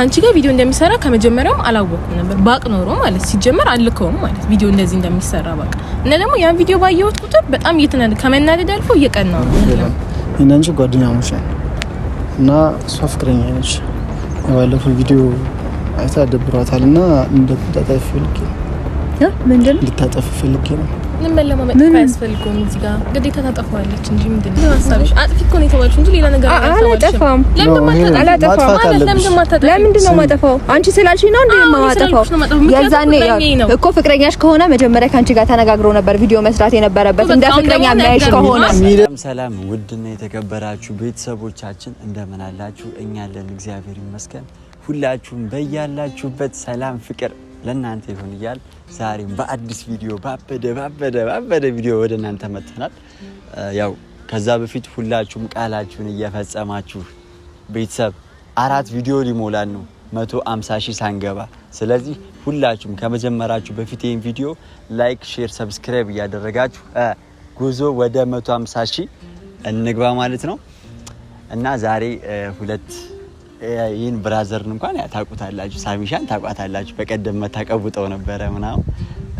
ከአንቺ ጋር ቪዲዮ እንደሚሰራ ከመጀመሪያውም አላወቅኩም ነበር። ባቅ ኖሮ ማለት ሲጀመር አልከውም ማለት ቪዲዮ እንደዚህ እንደሚሰራ ባቅ እና ደግሞ ያን ቪዲዮ ባየሁት ቁጥር በጣም እየተናደ ከመናደድ አልፎ እየቀናው ነው። እናንቺ ጓደኛሞች ነን እና እሷ ፍቅረኛ ነች። ባለፈው ቪዲዮ አይታ ደብሯታል እና እንድታጠፍ ፈልጌ ነው። ምንድን ልታጠፍ ፈልጌ ነው ምንም መለማመጥ እኮ አያስፈልገውም። እዚህ ጋር ግዴታ ታጠፋዋለች እንጂ ምንድን ነው ሀሳብሽ? አጥፊ እኮ ነው የተባልሽው እንጂ ሌላ ነገር አላጠፋም። ለምንድን ነው የማጠፋው? አንቺ ስላልሽኝ ነው እንዴ የማጠፋው? የዛኔ እኮ ፍቅረኛሽ ከሆነ መጀመሪያ ከአንቺ ጋር ተነጋግሮ ነበር ቪዲዮ መስራት የነበረበት እንደ ፍቅረኛ የሚያይሽ ከሆነ። ሰላም ውድና የተከበራችሁ ቤተሰቦቻችን እንደምን አላችሁ? እኛ አለን እግዚአብሔር ይመስገን። ሁላችሁም በያላችሁበት ሰላም ፍቅር ለእናንተ ይሁን እያል ዛሬም በአዲስ ቪዲዮ ባበደ ባበደ ባበደ ቪዲዮ ወደ እናንተ መጥተናል። ያው ከዛ በፊት ሁላችሁም ቃላችሁን እየፈጸማችሁ ቤተሰብ አራት ቪዲዮ ሊሞላን ነው መቶ አምሳ ሺህ ሳንገባ። ስለዚህ ሁላችሁም ከመጀመራችሁ በፊት ይህን ቪዲዮ ላይክ፣ ሼር፣ ሰብስክራይብ እያደረጋችሁ ጉዞ ወደ መቶ አምሳ ሺህ እንግባ ማለት ነው እና ዛሬ ሁለት ይህን ብራዘርን እንኳን ታውቁታላችሁ፣ ሳሚሻን ታውቋታላችሁ። በቀደም መታቀቡጠው ነበረ ምናምን።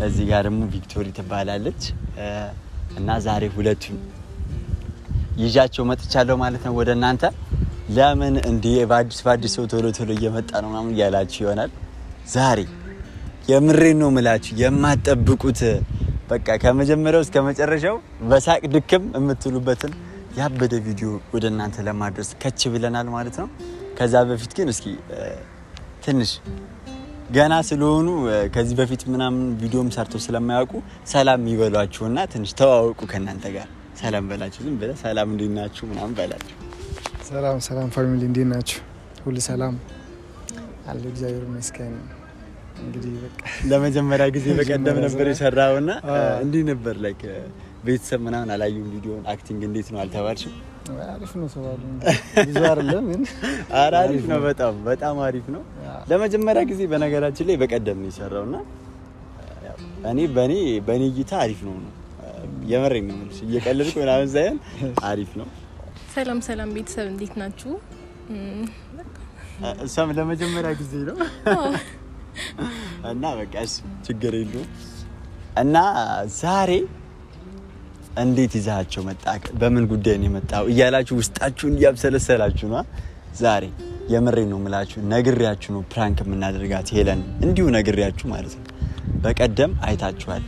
እዚህ ጋር ደግሞ ቪክቶሪ ትባላለች እና ዛሬ ሁለቱን ይዣቸው መጥቻለሁ ማለት ነው ወደ እናንተ። ለምን እንዲህ በአዲስ በአዲስ ሰው ቶሎ ቶሎ እየመጣ ነው ምናምን እያላችሁ ይሆናል። ዛሬ የምሬን ነው ምላችሁ የማጠብቁት በቃ ከመጀመሪያው እስከ መጨረሻው በሳቅ ድክም የምትሉበትን ያበደ ቪዲዮ ወደ እናንተ ለማድረስ ከች ብለናል ማለት ነው። ከዛ በፊት ግን እስኪ ትንሽ ገና ስለሆኑ ከዚህ በፊት ምናምን ቪዲዮም ሰርቶ ስለማያውቁ ሰላም ይበሏችሁና ትንሽ ተዋወቁ። ከእናንተ ጋር ሰላም በላችሁ። ዝም ብለህ ሰላም እንዴት ናችሁ ምናምን በላችሁ። ሰላም ሰላም ፋሚሊ እንዴት ናችሁ? ሁሉ ሰላም አለ እግዚአብሔር ይመስገን። እንግዲህ በቃ ለመጀመሪያ ጊዜ በቀደም ነበር የሰራውና እንዲህ ነበር ላይክ ቤተሰብ ምናምን አላዩም ቪዲዮን። አክቲንግ እንዴት ነው አልተባልሽም? አሪፍ ነው። ሰባሉ ብዙ አይደለም ግን ኧረ አሪፍ ነው። በጣም በጣም አሪፍ ነው። ለመጀመሪያ ጊዜ በነገራችን ላይ በቀደም ነው የሰራው እና እኔ በእኔ በእኔ እይታ አሪፍ ነው ነው የመረ የሚመልስ እየቀለድኩ ምናምን ሳይሆን አሪፍ ነው። ሰላም ሰላም ቤተሰብ እንዴት ናችሁ? እሷም ለመጀመሪያ ጊዜ ነው እና በቃ ችግር የለውም እና ዛሬ እንዴት ይዛቸው መጣ፣ በምን ጉዳይ ነው የመጣው እያላችሁ ውስጣችሁን እያብሰለሰላችሁ ነ ዛሬ የምሬ ነው ምላችሁ ነግሬያችሁ ነው ፕራንክ የምናደርጋት ሄለን፣ እንዲሁ ነግሬያችሁ ማለት ነው። በቀደም አይታችኋል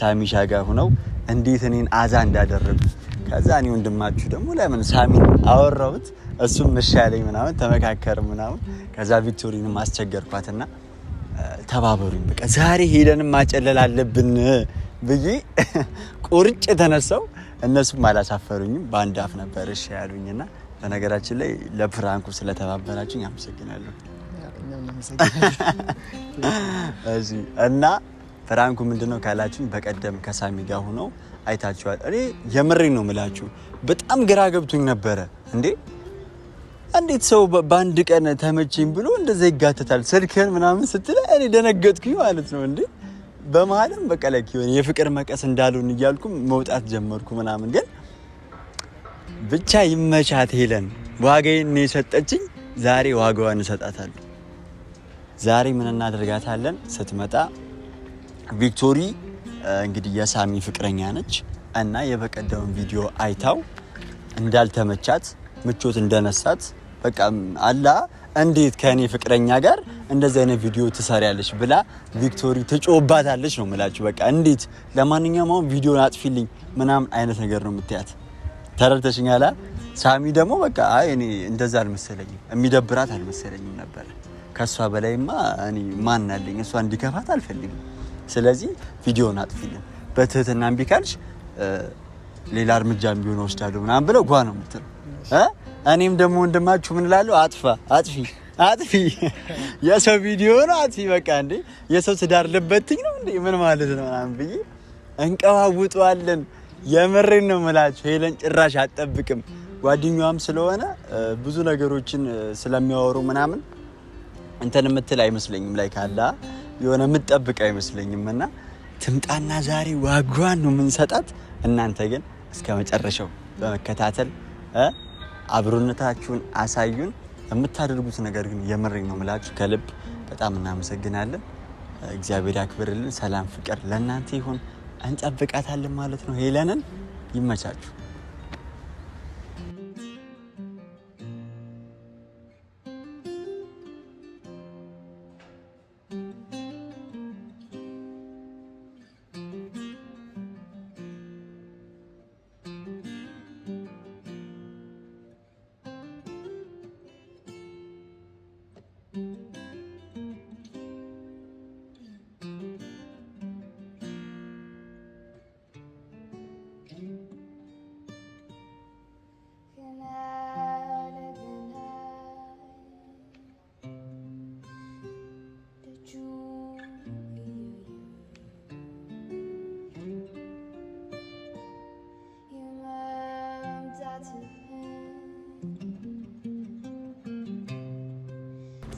ሳሚሻ ጋር ሆነው እንዴት እኔን አዛ እንዳደረጉ። ከዛ እኔ ወንድማችሁ ደግሞ ለምን ሳሚን አወራሁት፣ እሱም መሻለኝ ምናምን ተመካከር ምናምን። ከዛ ቪክቶሪንም አስቸገርኳትና ተባበሩኝ በቃ ዛሬ ሄለንም ማጨለል አለብን ብዬ ቁርጭ የተነሳው እነሱም አላሳፈሩኝም። በአንድ አፍ ነበር እሺ እና በነገራችን ላይ ለፕራንኩ ስለተባበራችሁኝ አመሰግናለሁ። እና ፕራንኩ ምንድነው ካላችሁኝ በቀደም ከሳሚ ጋር ሆነው አይታችኋል። እኔ የምሬ ነው ምላችሁ በጣም ግራ ገብቶኝ ነበረ። እንዴ እንዴት ሰው በአንድ ቀን ተመቼኝ ብሎ እንደዛ ይጋተታል? ስልክን ምናምን ስትለ እኔ ደነገጥኩኝ ማለት ነው እንዴ በመሀልም በቃ ላይክ የሆነ የፍቅር መቀስ እንዳሉን እያልኩም መውጣት ጀመርኩ ምናምን። ግን ብቻ ይመቻት ሄለን፣ ዋጋዬን የሰጠችኝ ዛሬ ዋጋዋን እሰጣታለሁ። ዛሬ ምን እናደርጋታለን? ስትመጣ ቪክቶሪ እንግዲህ የሳሚ ፍቅረኛ ነች እና የበቀደውን ቪዲዮ አይታው እንዳልተመቻት ምቾት እንደነሳት በቃ አላ እንዴት ከእኔ ፍቅረኛ ጋር እንደዚህ አይነት ቪዲዮ ትሰሪያለሽ ብላ ቪክቶሪ ትጮባታለች ነው ምላችሁ። በቃ እንዴት ለማንኛውም አሁን ቪዲዮ አጥፊልኝ ምናምን አይነት ነገር ነው የምትያት። ያላ ሳሚ ደግሞ በቃ አይ እኔ እንደዛ አልመሰለኝም፣ የሚደብራት አልመሰለኝም ነበረ። ከእሷ በላይማ እኔ ማን አለኝ? እሷ እንዲከፋት አልፈልግም። ስለዚህ ቪዲዮን አጥፊልን በትህትና እምቢ ካልሽ ሌላ እርምጃ ቢሆን ወስዳለሁ ምናምን ብለው ጓ ነው የምትለው እኔም ደግሞ ወንድማችሁ ምን እላለሁ፣ አጥፋ አጥፊ አጥፊ የሰው ቪዲዮ ነው አጥፊ። በቃ እንዴ የሰው ትዳር ልበትኝ ነው እንዴ ምን ማለት ነው ምናምን ብዬ እንቀዋውጠዋለን። የምሬን ነው የምላችሁ፣ ሄለን ጭራሽ አጠብቅም። ጓደኛዋም ስለሆነ ብዙ ነገሮችን ስለሚያወሩ ምናምን እንትን የምትል አይመስለኝም። ላይ ካላ የሆነ የምትጠብቅ አይመስለኝም። እና ትምጣና ዛሬ ዋጓን ነው የምንሰጣት። እናንተ ግን እስከ መጨረሻው በመከታተል አብሮነታችሁን አሳዩን። የምታደርጉት ነገር ግን የምሬን ነው ምላችሁ ከልብ በጣም እናመሰግናለን። እግዚአብሔር ያክብርልን። ሰላም ፍቅር ለእናንተ ይሁን። እንጠብቃታለን ማለት ነው። ሄለንን ይመቻችሁ።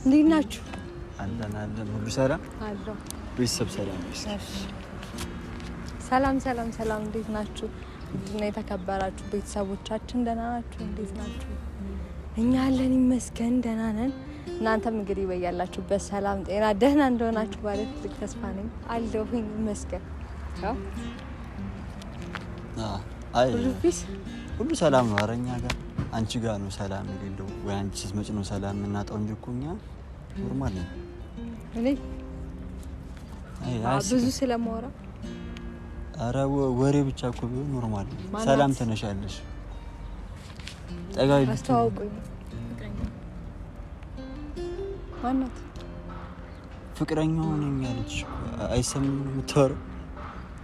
እንዴት ናችሁ? አለን አለን። ሁሉ ሰላም አለው። ቤተሰብ ሰላም ሰላም ሰላም ሰላም። እንዴት ናችሁ? እና የተከበራችሁ ቤተሰቦቻችን ደህና ናችሁ? እንዴት ናችሁ? እኛ አለን ይመስገን ደህና ነን። እናንተም እንግዲህ በያላችሁበት ሰላም፣ ጤና፣ ደህና እንደሆናችሁ ባለ ትልቅ ተስፋ ነኝ። አለሁኝ ይመስገን። ሁሉ ሰላም ነው። ኧረ ጋር አንቺ ጋር ነው ሰላም የሌለው ወይ አንቺ ስትመጪ ነው ሰላም የምናጣው እንጂ እኮ እኛ ኖርማል ነው። ብዙ ስለማወራ ኧረ ወሬ ብቻ እኮ ቢሆን ኖርማል ነው። ሰላም ትነሻለሽ። ጠጋቢ አስተዋውቁኝ። ማናት ፍቅረኛው ነኝ ያለች አይሰማም የምታወራው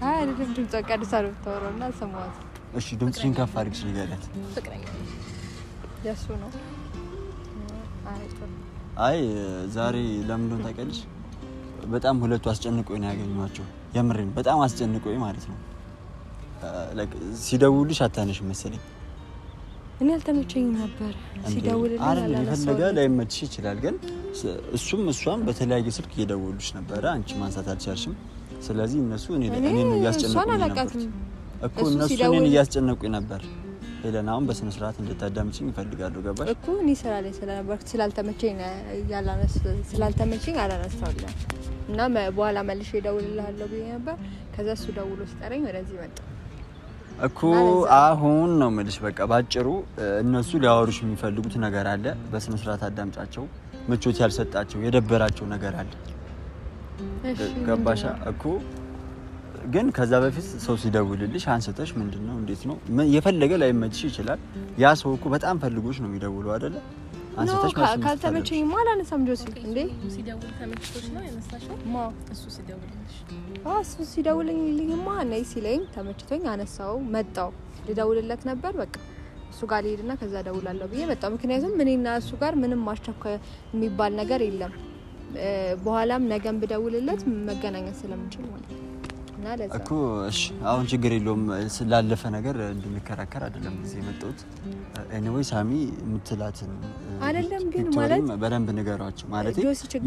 አይ ድምፅ ቀድሳ ነው የምታወራው እና ሰማዋት። እሺ ድምፅሽን ከፍ አድርግሽ ንገሪያት። የእሱ ነው። አይ ዛሬ ለምንድን ታውቂያለሽ? በጣም ሁለቱ አስጨንቆኝ ነው ያገኘኋቸው። የምሬን በጣም አስጨንቆኝ ማለት ነው። ሲደውልሽ አታነሽ መሰለኝ። እኔ አልተመቸኝም ነበር ሲደውልልኝ። የፈለገ ላይመችሽ ይችላል፣ ግን እሱም እሷም በተለያየ ስልክ እየደወሉሽ ነበረ፣ አንቺ ማንሳት አልቻልሽም። ስለዚህ እነሱ እኔን እያስጨነቁኝ ነበር እኮ እነሱ እኔን እያስጨነቁኝ ነበር ሄለን አሁን በስነ ስርዓት እንድታዳምጪኝ ይፈልጋሉ። ገባሽ እኮ እኔ ስራ ላይ ስለነበርኩ ስላልተመቸኝ ስላልተመቸኝ አላነሳውልም እና በኋላ መልሼ እደውልልሃለሁ ብዬ ነበር። ከዛ እሱ ደውሎ ሲጠረኝ ወደዚህ መጣ እኮ አሁን ነው የምልሽ። በቃ ባጭሩ እነሱ ሊያወሩሽ የሚፈልጉት ነገር አለ። በስነ ስርዓት አዳምጫቸው። ምቾት ያልሰጣቸው የደበራቸው ነገር አለ። ገባሻ እኮ ግን ከዛ በፊት ሰው ሲደውልልሽ አንስተሽ ምንድን ነው እንዴት ነው የፈለገ ላይመችሽ ይችላል። ያ ሰው እኮ በጣም ፈልጎሽ ነው የሚደውለው አይደለ? አንስተሽ ካልተመቸኝማ አላነሳም። ጆሴፍ እንዴ ሲደውል ተመችቶሽ ነው ያነሳሽው? ማ እሱ ሲደውልልሽ? አዎ እሱ ሲደውልልኝማ ነይ ሲለኝ ተመችቶኝ አነሳው። መጣው ልደውልለት ነበር በቃ እሱ ጋር ልሄድና ከዛ እደውላለሁ ብዬ መጣው። ምክንያቱም እኔና እሱ ጋር ምንም ማስቸኳይ የሚባል ነገር የለም። በኋላም ነገም ብደውልለት መገናኘት ስለምችል ማለት ነው። እኮ እሺ፣ አሁን ችግር የለውም። ላለፈ ነገር እንድንከራከር አይደለም እዚህ የመጣሁት። ኤኒዌይ ሳሚ የምትላትን አይደለም ግን ማለት በደንብ ንገሯቸው፣ ማለት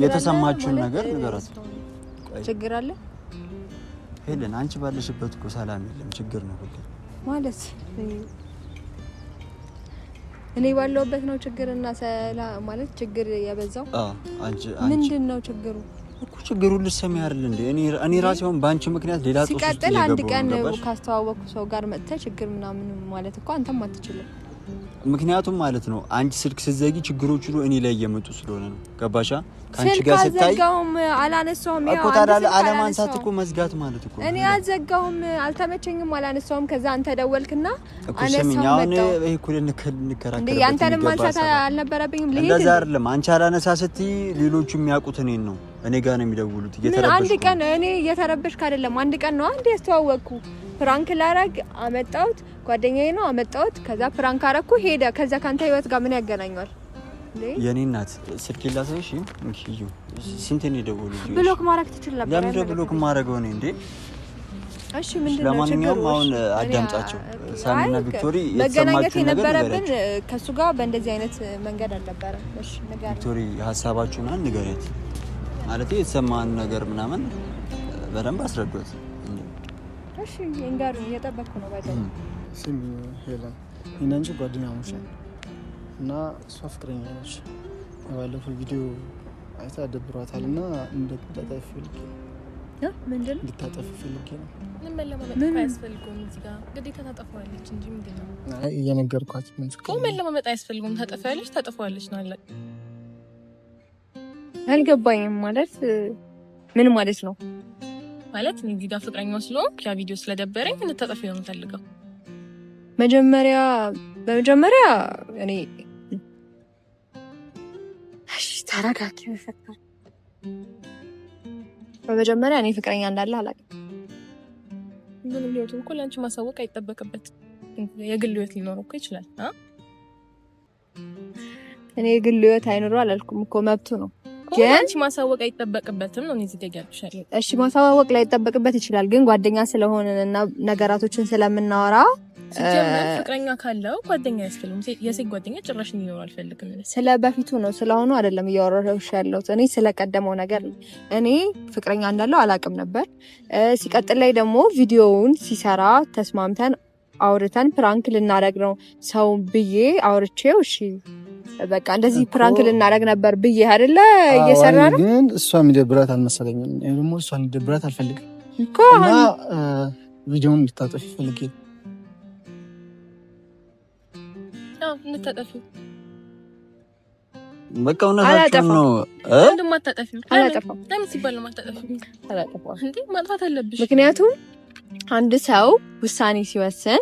የተሰማችሁን ነገር ንገሯቸው። ችግር አለ ሄለን፣ አንቺ ባለሽበት እኮ ሰላም የለም፣ ችግር ነው ሁሌ። ማለት እኔ ባለውበት ነው ችግርና ሰላም ማለት ችግር የበዛው። ምንድን ነው ችግሩ? እኮ ችግሩ ልትሰሚ አይደል እንዴ? እኔ እኔ ራሴ አሁን በአንቺ ምክንያት ሌላ ጦስ ሲቀጥል አንድ ቀን ካስተዋወቅኩ ሰው ጋር መጥተህ ችግር ምናምን ማለት እኮ አንተም አትችልም። ምክንያቱም ማለት ነው አንቺ ስልክ ስትዘጊ ችግሮች ሁሉ እኔ ላይ እየመጡ ስለሆነ ነው። ገባሻ? ከአንቺ ጋር ስታይ አላነሳውም እኮ ታዲያ አለማንሳት እኮ መዝጋት ማለት እኮ እኔ አልዘጋውም፣ አልተመቸኝም፣ አላነሳውም። ከዛ አንተ ደወልክና አነሳው መጣው እኮ ልንከራከር ያንተንም ማንሳት አልነበረብኝም። ልሄድ እንደዛ አይደለም አንቺ አላነሳ ስትይ ሌሎቹ የሚያውቁት እኔን ነው እኔ ጋር ነው የሚደውሉት። እየተረበሽ አንድ ቀን እኔ እየተረበሽ አይደለም፣ አንድ ቀን ነው አንድ ያስተዋወቅኩ ፍራንክ ላረግ አመጣሁት፣ ጓደኛዬ ነው አመጣሁት። ከዛ ፍራንክ አረግኩ ሄደ። ከዛ ካንተ ህይወት ጋር ምን ያገናኘዋል? የኔ እናት ስልክ ላሳይሽ። እንኪዩ ስንት ነው የደወሉት? ብሎክ ማረግ ትችላለህ። ነበር። ደው ብሎክ ማረገው ነው እንዴ? እሺ ምንድነው? ለማንኛውም አሁን አዳምጫቸው ሳሚና ቪክቶሪ መገናኘት የነበረብን ከሱ ጋር በእንደዚህ አይነት መንገድ አልነበረም። እሺ ንገሪ ቪክቶሪ፣ ሀሳባችሁን ንገሪያት ማለት የተሰማን ነገር ምናምን በደንብ አስረዱት። እሺ እንጋሩ እየጠበቅኩ ነው። ስሚ ሄለን፣ ጓደኛሞች ነን እና እሷ ፍቅረኛ ነች። የባለፈው ቪዲዮ አይታ ደብሯታል እና እንድታጠፊ ፈልጌ ነው። ምንድን ነው ፈልጌ ነው። ምን አያስፈልገውም። እዚህ ጋር ግዴታ ታጠፋዋለች እንጂ ምንድን ነው እየነገርኳት። ምን አያስፈልገውም። ታጠፋዋለች፣ ታጠፋዋለች ነው አለ አልገባኝም። ማለት ምን ማለት ነው? ማለት እዚህ ጋር ፍቅረኛው ስለሆንክ ያ ቪዲዮ ስለደበረኝ እንድታጠፊ ነው የምፈልገው። መጀመሪያ በመጀመሪያ እኔ እሺ፣ ተረጋጊ። በመጀመሪያ እኔ ፍቅረኛ እንዳለ አላውቅም። ምን ሊወቱ እኮ ለአንቺ ማሳወቅ አይጠበቅበት። የግል ህይወት ሊኖረው እኮ ይችላል። እኔ የግል ህይወት አይኖረው አላልኩም እኮ መብቱ ነው። ግን ማሳወቅ አይጠበቅበትም ነው እዚህ ተጋጭሻል። እሺ ማሳወቅ ላይ ይጠበቅበት ይችላል፣ ግን ጓደኛ ስለሆነና ነገራቶችን ስለምናወራ ፍቅረኛ ካለው ጓደኛ ያስፈልም። የሴት ጓደኛ ጭራሽ እንዲኖር አልፈልግም። ስለ በፊቱ ነው ስለሆኑ አይደለም እያወራሽ ያለሁት። እኔ ስለቀደመው ነገር እኔ ፍቅረኛ እንዳለው አላውቅም ነበር። ሲቀጥል ላይ ደግሞ ቪዲዮውን ሲሰራ ተስማምተን አውርተን ፕራንክ ልናደርግ ነው ሰው ብዬ አውርቼው እሺ በቃ እንደዚህ ፕራንክ ልናደርግ ነበር ብዬ አይደለ? እየሰራ ነው። ግን እሷ የሚደብራት አልመሰለኝም። ደግሞ እሷ የሚደብራት አልፈልግም እና ቪዲዮውን እንድታጠፊ ፈልጌ እንድታጠፊ በቃ እውነታችሁን ነው። ማጥፋት አለብሽ። ምክንያቱም አንድ ሰው ውሳኔ ሲወስን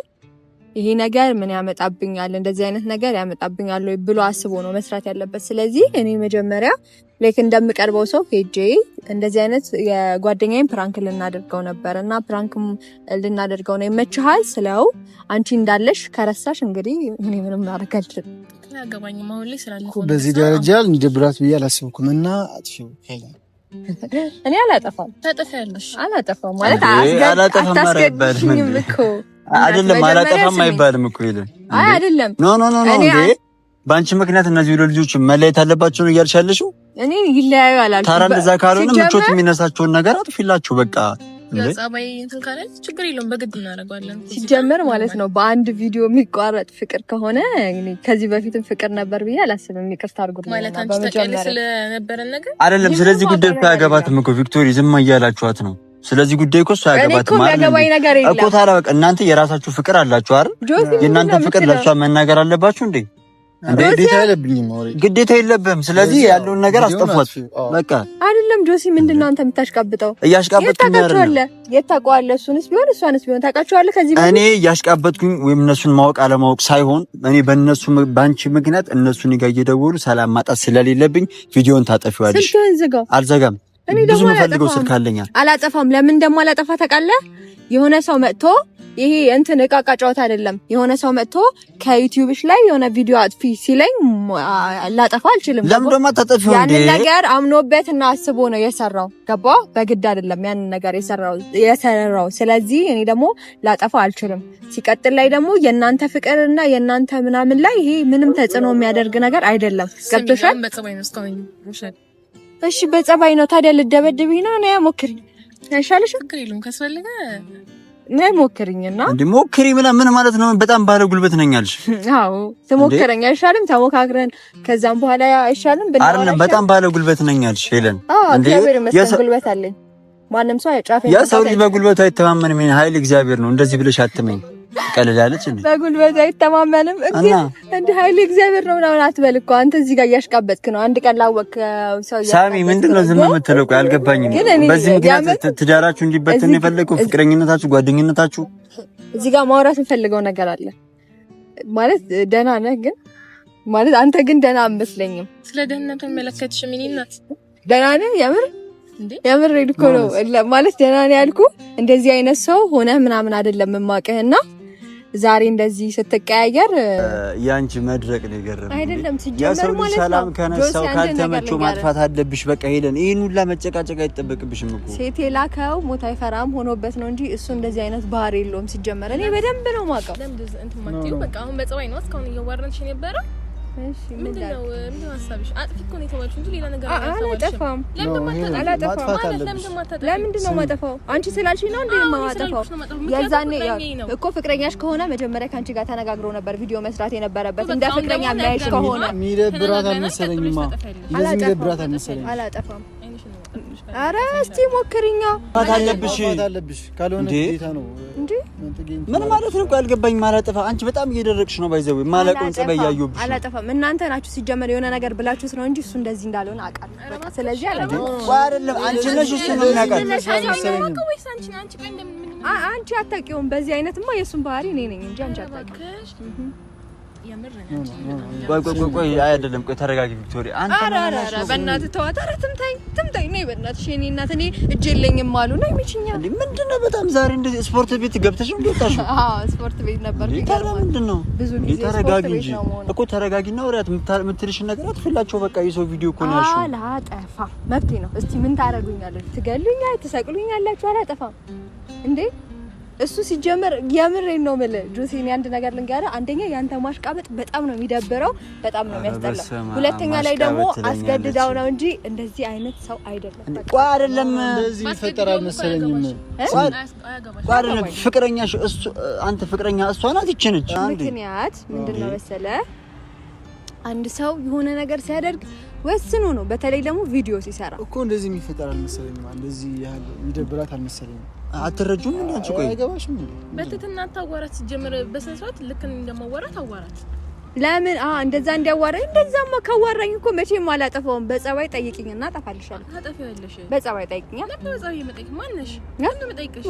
ይሄ ነገር ምን ያመጣብኛል፣ እንደዚህ አይነት ነገር ያመጣብኛል ወይ ብሎ አስቦ ነው መስራት ያለበት። ስለዚህ እኔ መጀመሪያ ላይክ እንደምቀርበው ሰው ሄጄ እንደዚህ አይነት የጓደኛዬን ፕራንክ ልናደርገው ነበር እና ፕራንክ ልናደርገው ነው የመችሃል ስለው አንቺ እንዳለሽ ከረሳሽ እንግዲህ እኔ ምንም ማድረግ በዚህ ደረጃ እንድብራት ብዬ አላስብኩም እና እኔ አላጠፋም አላጠፋም ማለት አታስገድሽኝም እኮ አይደለም አላጠፋም አይባልም እኮ ይለን አይደለም። ኖ ኖ ኖ ኖ በአንቺ ምክንያት እነዚህ ሁለት ልጆች መለየት አለባቸው ነው እያልሽ ያለሽው? እኔ ይለያዩ አላልኩም። ታዲያ እንደዛ ካልሆነ ምቾት የሚነሳቸውን ነገር አጥፊላችሁ በቃ ጸባይ ሲጀመር ማለት ነው በአንድ ቪዲዮ የሚቋረጥ ፍቅር ከሆነ ከዚህ በፊትም ፍቅር ነበር ብዬ አላስብም። ይቅርታ አድርጉ ማለት አንቺ ስለነበረን ነገር አይደለም። ስለዚህ ጉዳይ ያገባትም እኮ ቪክቶሪ፣ ዝም እያላችኋት ነው ስለዚህ ጉዳይ እኮ እሱ አያገባትም እኮ። ታዲያ በቃ እናንተ የራሳችሁ ፍቅር አላችሁ አይደል? የእናንተ ፍቅር ለእሷ መናገር አለባችሁ እንዴ? ግዴታ የለብህም። ስለዚህ ያለውን ነገር አስጠፏት በቃ አይደለም። ጆሲ ምንድን ነው አንተ የምታሽቃብጠው? እያሽቃበጥኩኝ አይደለም። የት ታውቀዋለህ? እሱንስ ቢሆን እሷንስ ቢሆን ታውቃቸዋለህ። ከዚህ እኔ እያሽቃበጥኩኝ ወይም እነሱን ማወቅ አለማወቅ ሳይሆን እኔ በእነሱ በአንቺ ምክንያት እነሱን ጋር እየደወሉ ሰላም ማጣት ስለሌለብኝ ቪዲዮን ታጠፊዋለሽ። አልዘጋም እኔ ደግሞ አላጠፋም። ለምን ደግሞ አላጠፋ ታውቃለህ? የሆነ ሰው መጥቶ ይሄ እንትን እቃ እቃ ጨዋታ አይደለም። የሆነ ሰው መጥቶ ከዩቲዩብሽ ላይ የሆነ ቪዲዮ አጥፊ ሲለኝ ላጠፋ አልችልም። ያንን ነገር አምኖበትና አስቦ ነው የሰራው። ገባ? በግድ አይደለም ያንን ነገር የሰራው። ስለዚህ እኔ ደግሞ ላጠፋ አልችልም። ሲቀጥል ላይ ደግሞ የእናንተ እና የእናንተ ምናምን ላይ ይሄ ምንም ተጽዕኖ የሚያደርግ ነገር አይደለም። ገብቶሻል? እሺ በጸባይ ነው ታዲያ። ልደበድብኝ ነው ነው ሞክሪኝ፣ አይሻልሽ? ሞክሪ ልም ካስፈልገ ነው ሞክሪኝና እንደ ሞክሪ ምን ማለት ነው? በጣም ባለ ጉልበት ነኝ አልሽ። አዎ ትሞክረኝ አይሻልም? ተሞካክረን ከዛም በኋላ አይሻልም? አይደለም በጣም ባለ ጉልበት ነኝ አልሽ ሄለን። እግዚአብሔር ይመስገን ጉልበት አለኝ። ማንም ሰው ያጫፈኝ። ያ ሰው ልጅ በጉልበቱ አይተማመንም። ኃይል እግዚአብሔር ነው። እንደዚህ ብለሽ አትመኝ ትቀልዳለች እንዴ? በጉልበት አይተማመንም። እንደ ኃይል እግዚአብሔር ነው ምናምን አትበል እኮ አንተ። እዚህ ጋር እያሽቃበጥክ ነው። አንድ ቀን ላወቅ ሰው ሳሚ፣ ምንድን ነው ዝም የምትለው? ቆይ አልገባኝም። በዚህ ምክንያት ትዳራችሁ እንዲበትን የፈለገው ፍቅረኝነታችሁ፣ ጓደኝነታችሁ። እዚህ ጋር ማውራት የምፈልገው ነገር አለ ማለት ደህና ነህ ግን ማለት አንተ ግን ደህና አመስለኝም። ስለ ደህንነቱ መለከትሽ ምን ይናት ደህና ነህ? የምር የምር እኮ ነው ማለት ደህና ነህ ያልኩ እንደዚህ አይነት ሰው ሆነህ ምናምን አይደለም የማውቅህ እና ዛሬ እንደዚህ ስትቀያየር የአንቺ መድረቅ ነው የገረመኝ። አይደለም የሰው ልጅ ሰላም ከነሳው ካልተመቸው ማጥፋት አለብሽ። በቃ ሄለን፣ ይህን ሁላ መጨቃጨቅ አይጠበቅብሽም እኮ ሴት የላከው ሞት አይፈራም ሆኖበት ነው እንጂ እሱ እንደዚህ አይነት ባህሪ የለውም። ሲጀመር እኔ በደንብ ነው የማውቀው። በቃ አሁን በጸባይ ነው እስካሁን እየወረንሽ የነበረው ነው የተባልሽው አንቺ ስላልሽኝ ነው እንዴ የማጠፋው? የዛኔ እኮ ፍቅረኛሽ ከሆነ መጀመሪያ ከአንቺ ጋር ተነጋግሮ ነበር ቪዲዮ መስራት የነበረበት እንደ ፍቅረኛ የሚያይሽ ከሆነ የሚደብራት አልመሰለኝማ። አላጠፋም አረ እስቲ ሞክሪኛ አለብሽ አለብሽ ካልሆነ ጌታ ነው እንዴ ምን ማለት ነው? አልገባኝም። አላጠፋ አንቺ በጣም እየደረቅሽ ነው። ባይዘው ማለቁን ጸበይ ያዩብሽ አላጠፋም። እናንተ ናችሁ ሲጀመር የሆነ ነገር ብላችሁት ነው እንጂ እሱ እንደዚህ እንዳልሆነ አውቃለሁ። ስለዚህ አይደለም አንቺ ነሽ እሱ ነው የሚያውቃት አንቺ አታውቂውም። በዚህ አይነትማ የእሱን ባህሪ እኔ ነኝ እንጂ አንቺ አታውቂውም። ቆይ አይደለም፣ ቆይ ተረጋጊ ቪክቶሪ። አንተ በእናትህ ተዋት። ኧረ ትምታኝ ትምታኝ፣ ነይ በእናትሽ። የእኔ እናት እኔ እጅ የለኝም አሉ ነው የሚችኛ። ምንድን ነው በጣም ዛሬ እንደዚህ ስፖርት ቤት ገብተሽ ነው የወጣሽው? አዎ ስፖርት ቤት ነበር። ታዲያ ምንድን ነው? ተረጋጊ እንጂ እኮ ተረጋጊና ወሬያት የምትልሽን ነገር አትፍላቸው። በቃ የሰው ቪዲዮ እኮ ነው ያልሽው። አላጠፋ መብቴ ነው። እስቲ ምን ታደርጉኛለች? ትገሉኛ፣ ትሰቅሉኛላችሁ። አላጠፋም እንዴ እሱ ሲጀመር የምሬን ነው ምል ጆሴን፣ አንድ ነገር ልንገርህ። አንደኛ ያንተ ማሽቃበጥ በጣም ነው የሚደብረው፣ በጣም ነው የሚያስጠላው። ሁለተኛ ላይ ደግሞ አስገድዳው ነው እንጂ እንደዚህ አይነት ሰው አይደለም። ቆይ አይደለም እንደዚህ ይፈጠራል መሰለኝም። ቆይ አይደለም ፍቅረኛሽ እሱ አንተ ፍቅረኛ እሷ ናት ይቺ ነች። ምክንያት ምንድን ነው መሰለህ አንድ ሰው የሆነ ነገር ሲያደርግ ወስኑ ነው። በተለይ ደግሞ ቪዲዮ ሲሰራ እኮ እንደዚህ የሚፈጠር አልመሰለኝም። እንደዚህ ያህል የሚደብራት አልመሰለኝም። አትረጁም እንደ አንቺ ቆይ አይገባሽም። በትትና ታዋራት ሲጀምር በስነ ስርዓት ልክ እንደማዋራት አዋራት ለምን አ እንደዛ እንዲያዋራኝ እንደዛማ ካዋራኝ እኮ መቼም አላጠፋውም። በጸባይ ጠይቅኝና አጠፋልሻለሁ። ታጠፊያለሽ። በጸባይ ጠይቅኛ ለምን በጸባይ መጠይቅ ማነሽ? ለምን መጠይቅሽ?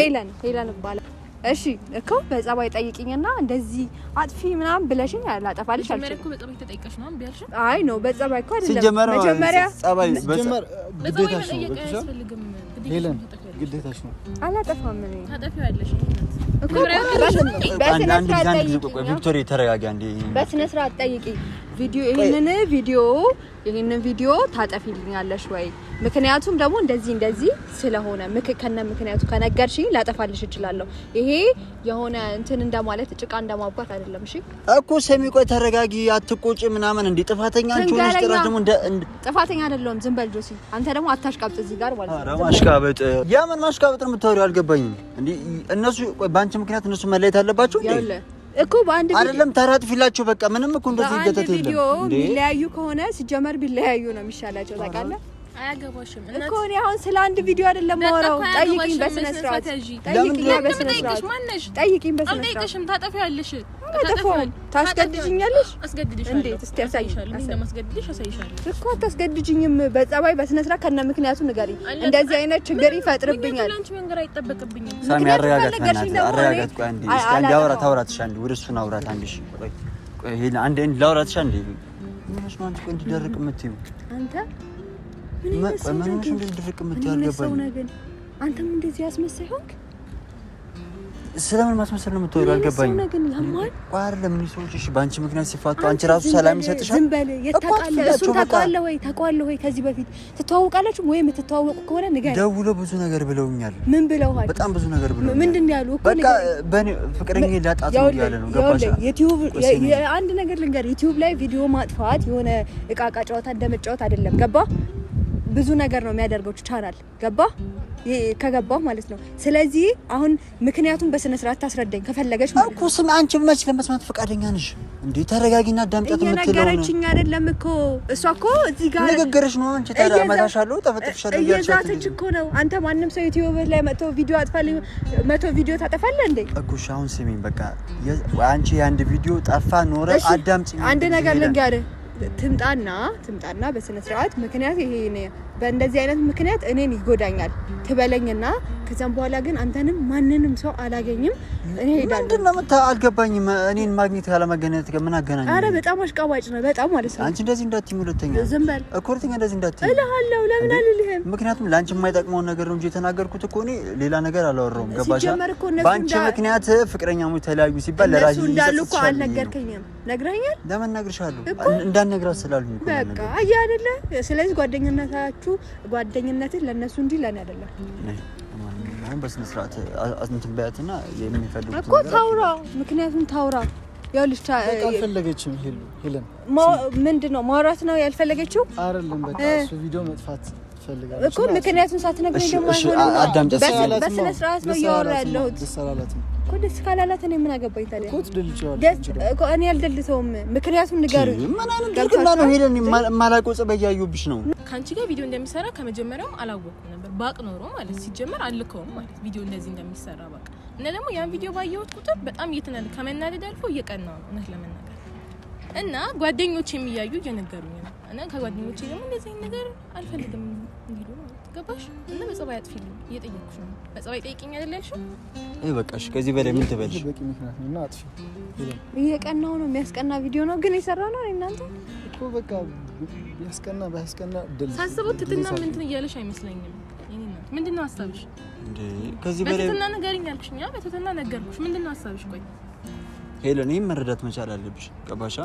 ሄለን ሄለን እባላለሁ እሺ እኮ በጸባይ ጠይቂኝና እንደዚህ አጥፊ ምናምን ብለሽኝ አላጠፋልሽ አልችልም እኮ በጸባይ ተጠይቀሽ ነው ቢያልሽ አይ ነው በጸባይ እኮ አይደለም መጀመሪያ ጸባይ ግዴታሽ ነው ሄለን ግዴታሽ ነው አላጠፋም እኔ ታጠፊዋለሽ እኮ በስነ ስርዓት ጠይቂኝ ቪዲዮ ይሄንን ቪዲዮ ይሄንን ቪዲዮ ታጠፊልኛለሽ ወይ? ምክንያቱም ደግሞ እንደዚህ እንደዚህ ስለሆነ ምክ ከነ ምክንያቱ ከነገርሽ ላጠፋልሽ እችላለሁ። ይሄ የሆነ እንትን እንደማለት ጭቃ እንደማብኳት አይደለም። እሺ እኮ ስሚ፣ ቆይ ተረጋጊ፣ አትቆጪ ምናምን። እንደ ጥፋተኛ አንቺ ሆነሽ ጥራት ደግሞ እንደ ጥፋተኛ አይደለም። ዝም በል ጆሲ፣ አንተ ደግሞ አታሽቃብጥ እዚህ ጋር ማለት ነው። ማሽቃበጥ፣ ያ ምን ማሽቃበጥ ነው የምታወሪው? አልገባኝም። እንዴ እነሱ በአንቺ ምክንያት እነሱ መለየት አለባቸው እንዴ? እኮ በአንድ አይደለም ተራጥፊላቸው በቃ ምንም እኮ እንደዚህ ይገተት የለም። ቪዲዮ ቢለያዩ ከሆነ ሲጀመር ቢለያዩ ነው የሚሻላቸው ታውቃለህ። አያገባሽም እኮ እኔ አሁን ስለ አንድ ቪዲዮ አይደለም ማወራው። ጠይቂኝ በስነ ስርዓት ጠይቂኝ፣ በስነ ስርዓት ጠይቂኝ፣ በስነ ስርዓት ታጠፊያለሽ። አላጠፋሁም። ታስገድጂኛለሽ? አስገድድሽ እንዴት? እስቲ አሳይሻለሁ እኮ አታስገድጂኝም። በጸባይ በስነ ስርዓት ከነ ምክንያቱ ንገሪኝ። እንደዚህ አይነት ችግር ይፈጥርብኛል። ሳሚ አረጋጋት፣ አረጋጋት። ቆይ አንዴ አንዴ አውራት፣ አውራትሽ አንዴ ወደ እሱን አውራት አንዴ። ቆይ ቆይ፣ ይሄን አንዴ ላውራትሽ አንዴ። ምንሽ ነው አንቺ ቆይ እንዲደርቅ የምትይው አንተ አንተም እንደዚህ ያስመሳይ ሆንክ። ስለምን ማስመሰል ነው የምትወደው? አልገባኝ። ሰዎች በአንቺ ምክንያት ሲፋቱ አንቺ ራሱ ሰላም ይሰጥሻል? ዝም ወይ? ከዚህ በፊት ትተዋወቃላችሁ ወይ? የምትተዋወቁ ከሆነ ንገረኝ። ደውለው ብዙ ነገር ብለውኛል። ምን ብለውሃል? በጣም ብዙ ነገር ብለውኛል። ምንድን ያሉ? ፍቅረኛ ላጣት ነው ነው። አንድ ነገር ልንገርህ፣ ዩቲዩብ ላይ ቪዲዮ ማጥፋት የሆነ እቃ ጨዋታ እንደመጫወት አይደለም። ገባ ብዙ ነገር ነው የሚያደርገው ቻናል ገባ ከገባው ማለት ነው። ስለዚህ አሁን ምክንያቱም በስነ ስርዓት ታስረዳኝ ከፈለገች ማለት እኮ ስም አንቺ መች ለመስማት ፈቃደኛ ነሽ እንዴ? ተረጋጊና አዳምጣት። የምትለው እየነገረችኝ አይደለም እኮ እሷ እኮ እዚህ ጋር ንግግርሽ ነው። አንቺ ተራመታሻለሁ፣ ተፈጥፍሻለሁ እየዛተች እኮ ነው። አንተ ማንም ሰው ዩቲዩብ ላይ መቶ ቪዲዮ አጥፋል መቶ ቪዲዮ ታጠፋለ እንዴ? እኩሽ አሁን ስሚኝ፣ በቃ አንቺ የአንድ ቪዲዮ ጠፋ ኖረ አዳምጪኝ። አንድ ነገር ልንገርህ ትምጣና ትምጣና በስነ ስርዓት ምክንያት ይሄ በእንደዚህ አይነት ምክንያት እኔን ይጎዳኛል ትበለኝና ከዚያም በኋላ ግን አንተንም ማንንም ሰው አላገኝም። እኔ አልገባኝም። እኔን ማግኘት ካለማገኘት ምን አገናኝ? አረ በጣም አሽቃባጭ ነው በጣም ማለት ነው። አንቺ እንደዚህ እንዳትይኝ፣ ሁለተኛ ዝም በል እኮ ሁለተኛ እንደዚህ እንዳትይኝ እልሃለሁ። ለምን አልልህም? ምክንያቱም ለአንቺ የማይጠቅመውን ነገር ነው እንጂ የተናገርኩት እኮ እኔ ሌላ ነገር አላወራሁም። ገባሽ? በአንቺ ምክንያት ፍቅረኛሞች ተለያዩ ሲባል ለራሱ እንዳሉ እኮ አልነገርከኝም። ነግረኛል። ለምን ነግርሻለሁ? እንዳነግራት ስላሉኝ በቃ አየህ አይደለ። ስለዚህ ጓደኝነታችሁ ታውቃላችሁ። ጓደኝነትን ለእነሱ እንጂ ለእኔ አይደለም። አሁን በስነ ስርዓት እንትን በያትና የሚፈልጉት እኮ ታውራ፣ ምክንያቱም ታውራ ምንድን ነው ማውራት ነው ያልፈለገችው? እኮ ምክንያቱም ሳትነግረኝ በስነ ስርዓት ነው እያወራ ያለሁት እኮ ደስ ካላላት እኔ ምን አገባኝ ታዲያ? እኔ አልደልተውም፣ ምክንያቱም ንገሩኝ። ምን አይነት ነው ከአንቺ ጋር ቪዲዮ እንደሚሰራ ከመጀመሪያውም አላወቅኩም ነበር። ባቅ ኖሮ ማለት ሲጀመር አልከውም ማለት ቪዲዮ እንደዚህ እንደሚሰራ ባቅ እና ደግሞ ያን ቪዲዮ ባየሁት ቁጥር በጣም እየተናደድ ከመናደድ አልፎ እየቀናው ነው እውነት ለመናገር እና ጓደኞች የሚያዩ እየነገሩኝ ነው እና ከጓደኞች ደግሞ እንደዚህ ነገር አልፈልግም እንዲሉ ገባሽ? እና በጸባይ አጥፊልኝ እየጠየኩሽ ነው። በጸባይ ጠይቅኝ አይደል ያልሽው? እህ ከዚህ በላይ ምን ትበልሽ? እየቀናው ነው። የሚያስቀና ቪዲዮ ነው ግን የሰራ ነው እናንተ እኮ በቃ ያስቀና ባያስቀና ሳስበው ትትና ምንትን እያለሽ አይመስለኝም። ምንድን ነው ሀሳብሽ? በትትና በትትና ነገርኩሽ። ምንድን ነው ሀሳብሽ? ቆይ ሄለን፣ ይህም መረዳት መቻል አለብሽ። ቀባሻ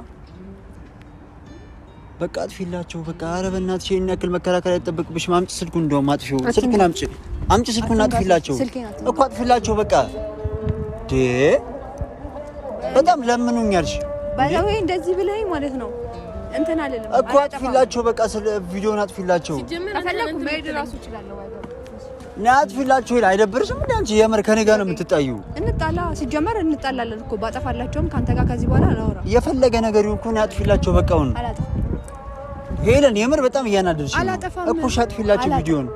በቃ አጥፊላቸው። በቃ በእናትሽ ይሄን ያክል መከራከሪያ አይጠበቅብሽም። አምጪ እንደውም አጥፊው ስልኩን አምጪ፣ አምጪ ስልኩን አጥፊላቸው እኮ አጥፊላቸው። በቃ ዴ በጣም ለምኑኝ አልሽ እንደዚህ ማለት ነው እንትን አይደለም እኮ አጥፊላቸው፣ በቃ ስለ ቪዲዮን አጥፊላቸው። ከፈለኩ መሄድ እራሱ እችላለሁ። አጥፊላቸው ይላል። አይደብርሽም? እንደ አንቺ የምር ከእኔ ጋር ነው የምትጣዩ። እንጣላ ሲጀመር እንጣላለን እኮ ባጠፋላቸውም ከአንተ ጋር ከዚህ በኋላ አላወራም። የፈለገ ነገር ይሁን እኮ እኔ አጥፊላቸው፣ በቃ አሁን ሄለን፣ የምር በጣም እያናደድሽ እኮ። እሺ አጥፊላቸው ቪዲዮን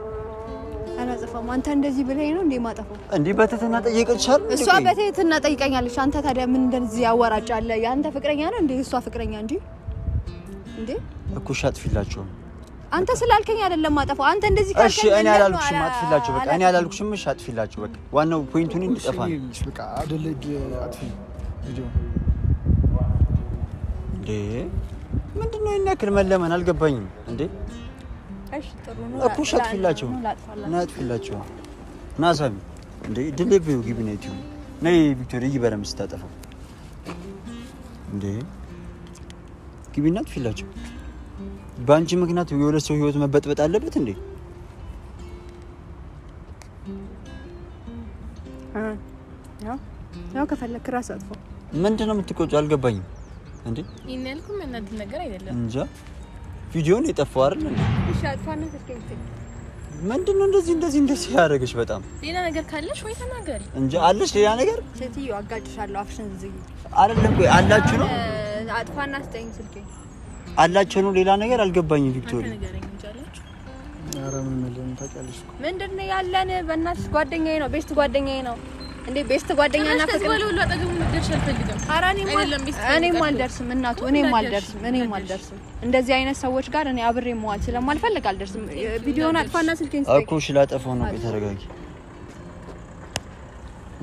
አላጠፋም። አንተ እንደዚህ ብለህ ነው እንዴ ማጠፋው? እንዴ በትህትና ጠየቀችሻል? እሷ በትህትና ጠይቀኛለች። አንተ ታዲያ ምን እንደዚህ ያወራጫለ? የአንተ ፍቅረኛ ነው እንዴ? እሷ ፍቅረኛ እንጂ እንዴ እኮ አጥፊላቸው አንተ ስላልከኝ አይደለም ማጠፋው። አንተ እንደዚህ ካልከኝ እሺ፣ እኔ አላልኩሽም፣ አጥፊላቸው በቃ። እኔ አላልኩሽም፣ እሺ፣ አጥፊላቸው በቃ። ዋናው ፖይንቱን እንድጠፋ በቃ አይደለ? አጥፊ እንዴ ምንድን ነው ይሄን ያክል መለመን? አልገባኝም እንዴ። እሺ፣ ጥሩ ነው እኮ እሺ፣ አጥፊላቸው እና አጥፊላቸው እና ሳሚ እንዴ ድሌብ ግቢ ነው የትዩ ነይ ቪክቶሪ ይበለም ስታጠፋው እንዴ ግቢና ትፊላቸው። በአንቺ ምክንያት የሁለት ሰው ህይወት መበጥበጥ አለበት እንዴ? ያው ከፈለክ ራስ አጥፎ ምንድን ነው የምትቆጩ? አልገባኝም። እንዴ ይሄን ያልኩ ምናድ ነገር አይደለም እንጂ ቪዲዮን የጠፋው አይደል እንዴ? እሺ አጥፋና ተስከምተኝ። ምንድን ነው እንደዚህ እንደዚህ እንደዚህ ያደረገሽ? በጣም ሌላ ነገር ካለሽ ወይ ተናገሪ እንጂ አለሽ ሌላ ነገር። ሴትዮ አጋጭሻለሁ። አፍሽን ዝይ። አይደለም ቆይ አላችሁ ነው አጥፋና ስጠኝ ስልኬ አላቸው ነው። ሌላ ነገር አልገባኝ። ቪክቶሪ ምንድን ነው ያለን? በእናትሽ ጓደኛዬ ነው፣ ቤስት ጓደኛዬ ነው። እንዴ ቤስት ጓደኛ እና ፍቅር ወለሉ አጠገቡ ልደርሽ አልፈልግም። ኧረ እኔም አልደርስም እናቱ፣ እኔም አልደርስም፣ እኔም አልደርስም። እንደዚህ አይነት ሰዎች ጋር እኔ አብሬ መዋል ስለማልፈልግ አልደርስም። ቪዲዮውን አጥፋና ስልኬን ስጠኝ እኮ። እሺ ላጠፋው ነው። ተረጋጊ።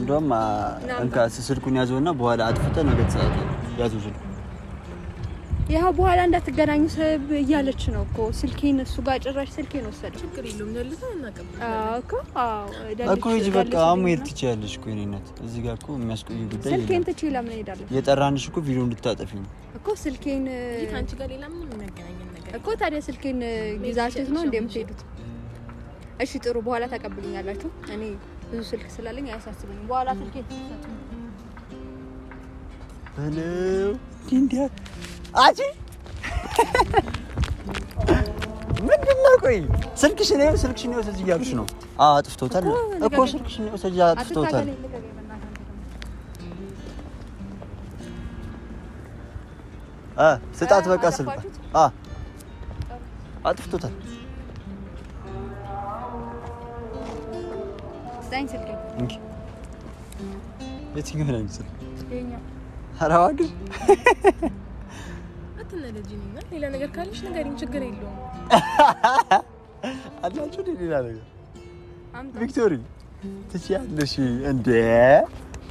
እንደውም እንካ ስልኩን ያዘውና በኋላ አጥፍተን ነገ ተጻፈ ያዘው ስልኩን ያው በኋላ እንዳትገናኙ ሰብ እያለች ነው እኮ ስልኬን እሱ ጋር ጭራሽ ስልኬን ወሰደ። ችግር የለውም እኮ ሂጂ በቃ አሁን መሄድ ትችያለሽ እኮ የእኔ እናት። እዚህ ጋር እኮ የሚያስቆይ ጉዳይ ስልኬን ትችይ። ለምን እሄዳለሁ? የጠራንሽ እኮ ቪዲዮ እንድታጠፊ ነው እኮ ስልኬን አንቺ ጋር ሌላ ምን የሚያገናኘን ነገር እኮ። ታዲያ ስልኬን ይዛችሁት ነው እንደ የምትሄዱት? እሺ ጥሩ፣ በኋላ ታቀብሉኛላችሁ። እኔ ብዙ ስልክ ስላለኝ አያሳስብኝም። በኋላ ስልኬን ትሰጥ ነው አጂ ምንድን ነው? ቆይ ስልክሽን ነው ስልክሽን ነው ሰጅ እያሉሽ ነው። አጥፍቶታል እኮ ስልክሽን ነው ሰጅ አጥፍቶታል። አ ስጣት በቃ ስልክ አ አጥፍቶታል። የትኛው ነው? ሌላ ነገር ካለሽ ንገሪኝ፣ ችግር የለውም። አላችሁ ሌላ ነገር ቪክቶሪ ትችያለሽ እንዴ?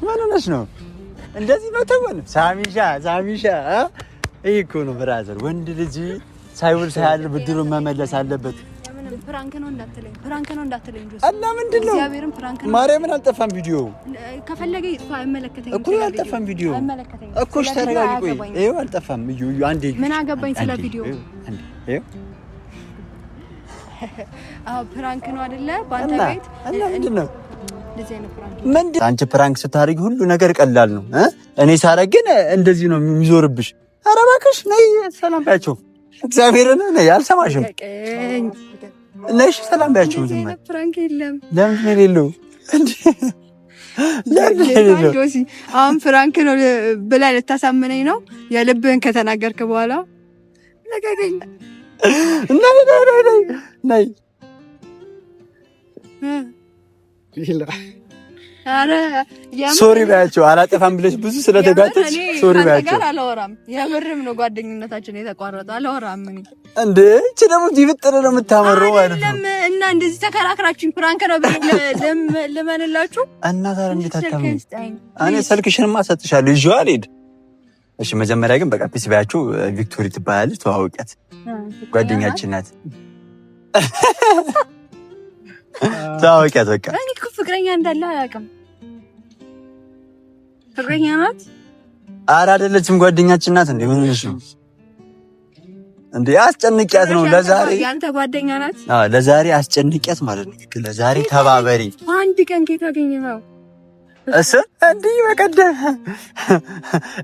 ምን ሆነሽ ነው እንደዚህ መተወን? ሳሚሻ ሳሚሻ፣ ይህ እኮ ነው ብራዘር፣ ወንድ ልጅ ሳይውል ሳያድር ብድሩን መመለስ አለበት። ፕራንክ ነው እንዳትለኝ፣ ፕራንክ ነው እንዳትለኝ። ጆስ እና ምንድን ነው እግዚአብሔርን ፕራንክ ነው። ማርያምን አልጠፋም። ቪዲዮ ከፈለገ ይጥፋ፣ አይመለከተኝ እኮ አልጠፋም። ቪዲዮ እኮ እሺ፣ ተረጋጊ። ቆይ ይኸው አልጠፋም። እዩ እዩ፣ አንዴ ምን አገባኝ ስለ ቪዲዮ ይኸው ፕራንክ ነው አይደለ? በአንተ ቤት እና ምንድን ነው አንቺ ፕራንክ ስታደርጊ ሁሉ ነገር ቀላል ነው። እኔ ሳረግ ግን እንደዚህ ነው የሚዞርብሽ። ኧረ እባክሽ ነይ ሰላም ባያቸው እግዚአብሔርን ነይ አልሰማሽም። ለሽ ሰላም ቢያችሁ ዝም ፍራንክ የለም። ለምን አሁን ፍራንክ ነው ብላ ልታሳምነኝ ነው? የልብህን ከተናገርክ በኋላ ለጋገኝ ነይ ነይ ነይ ሶሪ ባያቸው አላጠፋም ብለሽ ብዙ ስለተጋተች ሶሪ ባያቸው አላወራም። የምርም ነው ጓደኝነታችን የተቋረጠ አላወራም። እንዴ እቺ ደግሞ ይብጥር ነው የምታመረው ማለት ነው። እና እንደዚህ ተከራክራችሁኝ ፕራንክ ነው ልመንላችሁ እና ታዲያ እንዴት አታምኝ? እኔ ስልክሽንማ ሰጥሻለሁ ይዤው አልሄድ። እሺ መጀመሪያ ግን በቃ ፒስ ባያቸው ቪክቶሪ ትባላለች። ተዋውቂያት፣ ጓደኛችን ናት። ታወቂያት። በቃ እኔ እኮ ፍቅረኛ እንዳለ አላውቅም። ፍቅረኛ ናት? ኧረ አይደለችም፣ ጓደኛችን ናት። እንዴ ምን ነው እንዴ? አስጨንቂያት ነው ለዛሬ። ያንተ ጓደኛ ናት? አዎ፣ ለዛሬ አስጨንቂያት ማለት ነው። ለዛሬ ተባበሪ። አንድ ቀን ጌታ ገኘ ነው እሱ እንዲህ በቀደም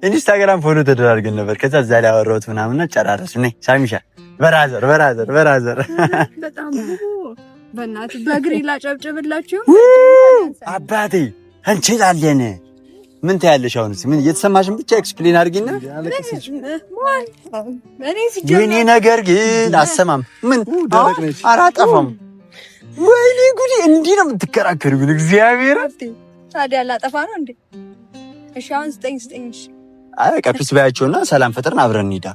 ኢንስታግራም ፎሎ ተደራርገን ነበር። ከዛ እዛ ላይ አወራሁት ምናምን ጨራረስ። ሳሚሻ በራዘር በራዘር በራዘር በጣም በእናት በእግሬ ላጨብጭብላችሁ አባቴ እንችላለን። ምን ታያለሽ? ምን እየተሰማሽን ብቻ ኤክስፕሌን አድርጊና። የኔ ነገር ግን አሰማም ምን አላጠፋም። ወይኔ ጉዴ! እንዲህ ነው የምትከራከሪ? ግን እግዚአብሔር ታዲያ ነው እንዴ? እሺ አሁን ስጠኝ ስጠኝ። እሺ አይ በያቸውና ሰላም ፈጥረን አብረን እንሂዳ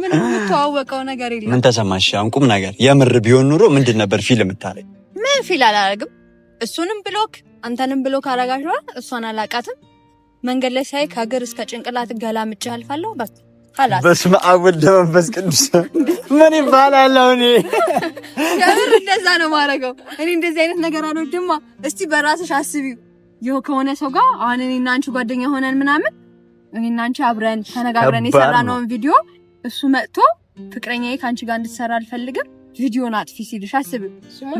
ምን የምተዋወቀው ነገር የለም። ምን ተሰማሽ? ቁም ነገር የምር ቢሆን ኑሮ ምንድን ነበር ፊል የምታረግ? ምን ፊል አላረግም። እሱንም ብሎክ አንተንም ብሎክ አረጋሽዋል። እሷን አላቃትም። መንገድ ላይ ሳይ ከሀገር እስከ ጭንቅላት ገላምጬ አልፋለሁ። በስመ አብ ወልድ መንፈስ ቅዱስ ምን ይባላል? አሁን እንደዛ ነው ማረገው። እኔ እንደዚህ አይነት ነገር አልወድማ። እስቲ በራስሽ አስቢው ይኸው ከሆነ ሰው ጋር አሁን እኔ እና አንቺ ጓደኛ ሆነን ምናምን እኔ እና አንቺ አብረን ተነጋግረን የሰራነውን ቪዲዮ እሱ መጥቶ ፍቅረኛዬ ከአንቺ ጋር እንድትሰራ አልፈልግም ቪዲዮን አጥፊ ሲልሽ አስብ።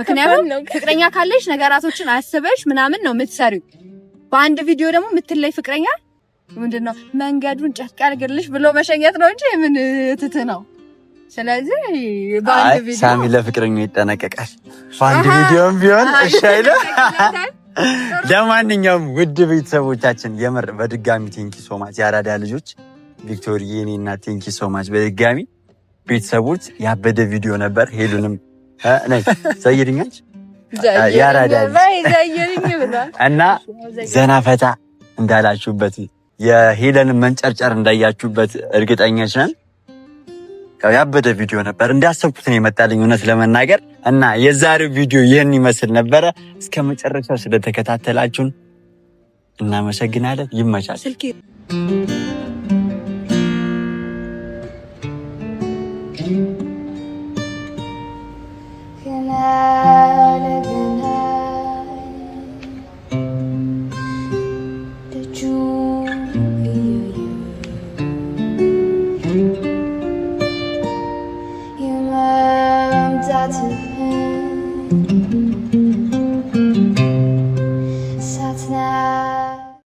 ምክንያቱም ፍቅረኛ ካለሽ ነገራቶችን አስበሽ ምናምን ነው የምትሰሪው። በአንድ ቪዲዮ ደግሞ የምትለይ ፍቅረኛ ምንድን ነው መንገዱን ጨርቅ ያድርግልሽ ብሎ መሸኘት ነው እንጂ ምን ትት ነው። ስለዚህ በአንድ ቪዲዮ ሳሚ ለፍቅረኛ ይጠነቀቃል። በአንድ ቪዲዮም ቢሆን እሺ አይለ ለማንኛውም ውድ ቤተሰቦቻችን የምር በድጋሚ ቴንኪ ሶማች የአራዳ ልጆች ቪክቶሪ እኔ እና ቴንኪ ሶማች በድጋሚ ቤተሰቦች። ያበደ ቪዲዮ ነበር። ሄዱንም ዘይድኛች የአራዳ እና ዘና ፈታ እንዳላችሁበት የሄለንም መንጨርጨር እንዳያችሁበት እርግጠኞች ነን። ያበደ ቪዲዮ ነበር። እንዳሰብኩት ነው የመጣልኝ እውነት ለመናገር እና የዛሬው ቪዲዮ ይህን ይመስል ነበረ። እስከ መጨረሻው ስለተከታተላችሁን እናመሰግናለን። ይመቻል። Yeah.